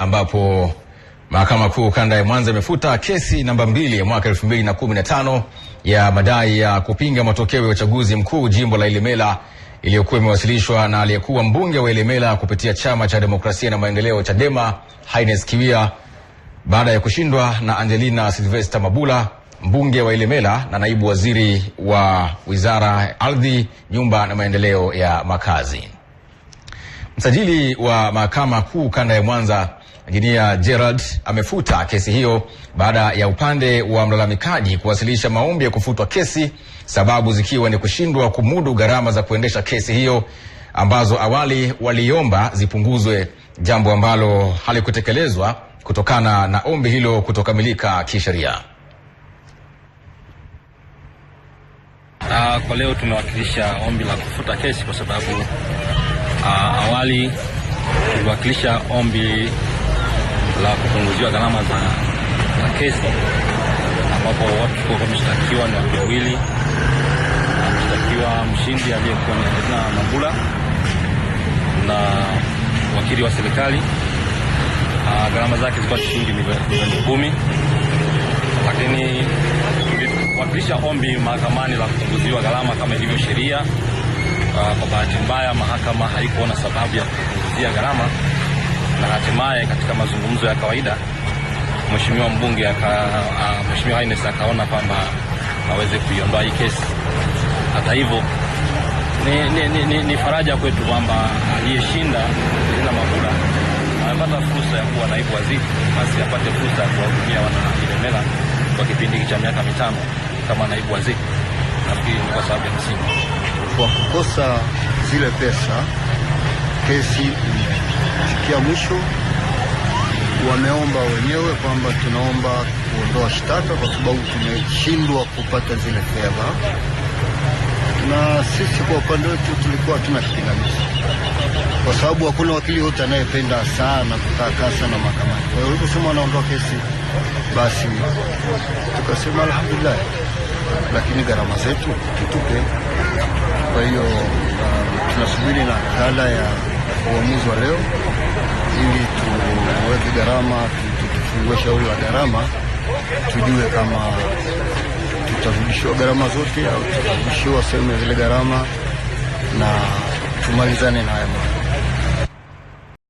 ambapo mahakama kuu kanda ya Mwanza imefuta kesi namba mbili ya mwaka elfu mbili na kumi na tano ya madai ya kupinga matokeo ya uchaguzi mkuu jimbo la Ilemela iliyokuwa imewasilishwa na aliyekuwa mbunge wa Ilemela kupitia chama cha demokrasia na maendeleo Chadema Haines Kiwia baada ya kushindwa na Angelina Silvesta Mabula mbunge wa Ilemela na naibu waziri wa wizara ardhi, nyumba na maendeleo ya makazi. Msajili wa mahakama kuu kanda ya Mwanza Injinia Gerald amefuta kesi hiyo baada ya upande wa mlalamikaji kuwasilisha maombi ya kufutwa kesi, sababu zikiwa ni kushindwa kumudu gharama za kuendesha kesi hiyo ambazo awali waliomba zipunguzwe, jambo ambalo halikutekelezwa kutokana na ombi hilo kutokamilika kisheria. Ah, kwa leo tumewakilisha ombi la kufuta kesi kwa sababu Ah, awali tuliwakilisha ombi la kupunguziwa gharama za, za kesi ambapo watu wameshtakiwa ni watu wawili, mshtakiwa mshindi aliyekuwa ni Edna Mambula na wakili wa serikali. Ah, gharama zake zilikuwa shilingi milioni kumi, lakini tuliwakilisha ombi mahakamani la kupunguziwa gharama kama ilivyo sheria. Kwa bahati mbaya, mahakama haikuona sababu ya kupunguzia gharama, na hatimaye katika mazungumzo ya kawaida mheshimiwa mbunge mheshimiwa Haines akaona kwamba aweze kuiondoa hii kesi. Hata hivyo ni, ni, ni, ni, ni faraja kwetu kwamba aliyeshinda Christina Mabula amepata fursa ya kuwa naibu waziri, basi apate fursa ya kuwahudumia wana Ilemela kwa kipindi cha miaka mitano kama naibu waziri. Nafikiri ni kwa sababu ya msingi kwa kukosa zile pesa, kesi imefikia mwisho. Wameomba wenyewe kwamba tunaomba kuondoa shtaka kwa sababu tumeshindwa kupata zile fedha, na sisi kwa upande wetu tulikuwa hatuna kipingamizi, kwa sababu hakuna wakili yote anayependa sana kukaa sana mahakamani. Kwa hiyo waliposema wanaondoa kesi, basi tukasema alhamdulillah, lakini gharama zetu tutupe. Kwa hiyo uh, tunasubiri nakala ya uamuzi wa leo ili tuweke gharama, tufungue shauri la gharama, tujue kama tutarudishiwa gharama zote au tutarudishiwa sehemu ya zile gharama na tumalizane na haya.